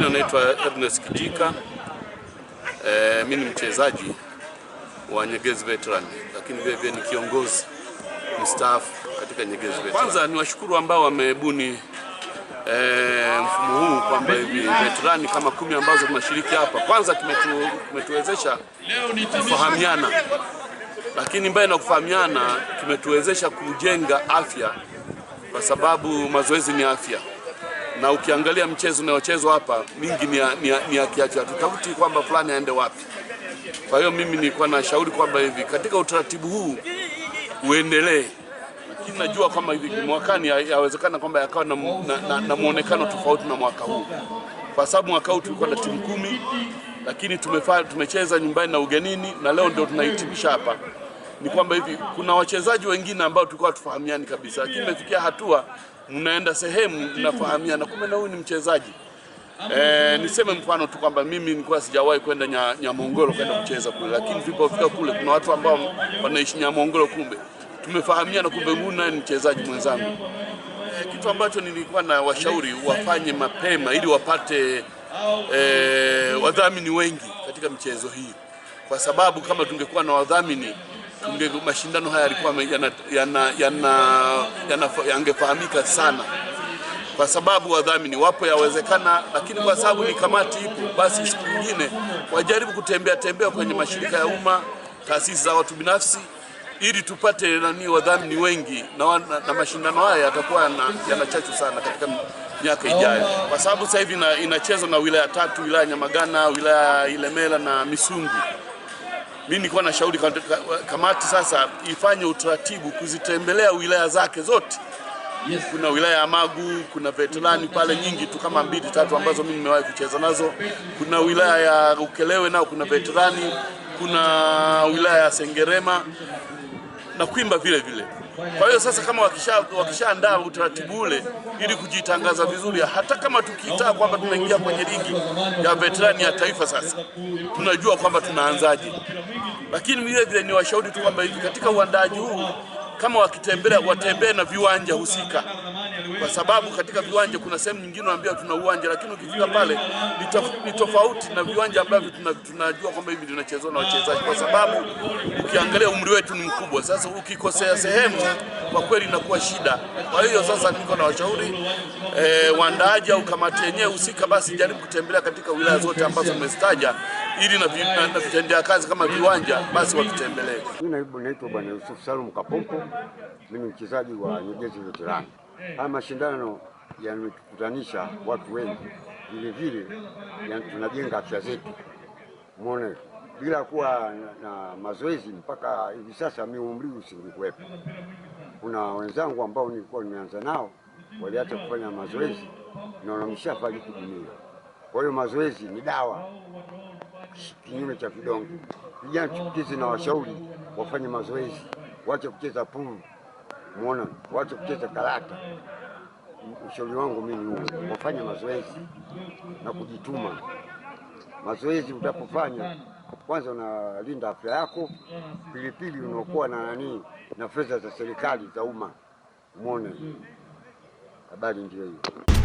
majina naitwa Ernest Kijika. E, mimi ni mchezaji wa Nyegezi Veteran, lakini vile vile ni kiongozi mstaafu katika Nyegezi Veteran. Kwanza ni washukuru ambao wamebuni e, mfumo huu kwamba hivi veterani kama kumi ambazo tunashiriki hapa, kwanza kimetuwezesha kimetu kufahamiana, lakini mbaya na kufahamiana kimetuwezesha kujenga afya, kwa sababu mazoezi ni afya na ukiangalia mchezo unaochezwa hapa mingi ni ni ni akiacha tutafuti kwamba fulani aende wapi. Kwa hiyo mimi nilikuwa nashauri kwamba hivi katika utaratibu huu uendelee, lakini najua kwamba hivi mwakani yawezekana ya kwamba yakawa na, na, na, na mwonekano tofauti na mwaka huu, kwa sababu mwaka huu tulikuwa na timu kumi, lakini tumefa, tumecheza nyumbani na ugenini, na leo ndio tunahitimisha hapa ni kwamba hivi kuna wachezaji wengine ambao tulikuwa tufahamiani kabisa, lakini imefikia hatua mnaenda sehemu mnafahamiana, kumbe na huyu ni mchezaji. E, niseme mfano tu kwamba mimi nilikuwa sijawahi kwenda Nyamongolo kwenda kucheza kule, lakini tulipofika kule kuna watu ambao wanaishi Nyamongolo, kumbe tumefahamiana, kumbe huyu naye ni mchezaji mwenzangu. E, kitu ambacho nilikuwa na washauri wafanye mapema ili wapate e, wadhamini wengi katika mchezo hii, kwa sababu kama tungekuwa na wadhamini mashindano haya yalikuwa yangefahamika sana, kwa sababu wadhamini wapo, yawezekana, lakini kwa sababu ni kamati ipo, basi siku nyingine wajaribu kutembea tembea kwenye mashirika ya umma, taasisi za watu binafsi ili tupate nani wadhamini wengi na, na, na mashindano haya yatakuwa yana chachu sana katika miaka ijayo, kwa sababu sasa hivi inachezwa na wilaya tatu, wilaya Nyamagana, wilaya Ilemela na Misungwi mimi nilikuwa na shauri kamati sasa ifanye utaratibu kuzitembelea wilaya zake zote. Kuna wilaya ya Magu, kuna veterani pale nyingi tu kama mbili tatu ambazo mimi nimewahi kucheza nazo. Kuna wilaya ya Ukelewe nao kuna veterani, kuna wilaya ya Sengerema na kuimba vile vile. Kwa hiyo sasa, kama wakishaandaa wakisha utaratibu ule ili kujitangaza vizuri, hata kama tukitaa kwamba tunaingia kwenye ligi ya veterani ya taifa, sasa tunajua kwamba tunaanzaje. Lakini vile vile ni washauri tu kwamba hivi katika uandaaji huu, kama wakitembelea watembee na viwanja husika kwa sababu katika viwanja kuna sehemu nyingine unaambiwa tuna uwanja, lakini ukifika pale ni tofauti na viwanja ambavyo tunajua kwamba hivi vinachezwa na wachezaji, kwa sababu ukiangalia umri wetu ni mkubwa. Sasa ukikosea sehemu, kwa kweli inakuwa shida. Kwa hiyo sasa niko na washauri e, waandaaji au kamati yenyewe husika, basi jaribu kutembelea katika wilaya zote ambazo umezitaja ili na vitendea kazi kama viwanja basi wakitembelee. Mimi naitwa Bwana Yusuf Salum Kapompo, mimi mchezaji wa New Jersey Veterans. Haya mashindano yametukutanisha watu wengi, vile vile tunajenga afya zetu. Muone bila kuwa na mazoezi mpaka hivi sasa mi umri usingekuwepo. Kuna wenzangu ambao nilikuwa nimeanza nao waliacha kufanya mazoezi na wanamshafariki dunia. Kwa hiyo mazoezi ni dawa, kinyume cha vidonge. Vijana chipukizi na washauri wafanye mazoezi, wache kucheza pumu muona watu kucheza karata. Ushauri wangu mimi huo, wafanya mazoezi na kujituma. Mazoezi utapofanya kwanza, unalinda afya yako, pilipili unaokuwa na nani na fedha za serikali za umma. Muone habari ndio hiyo.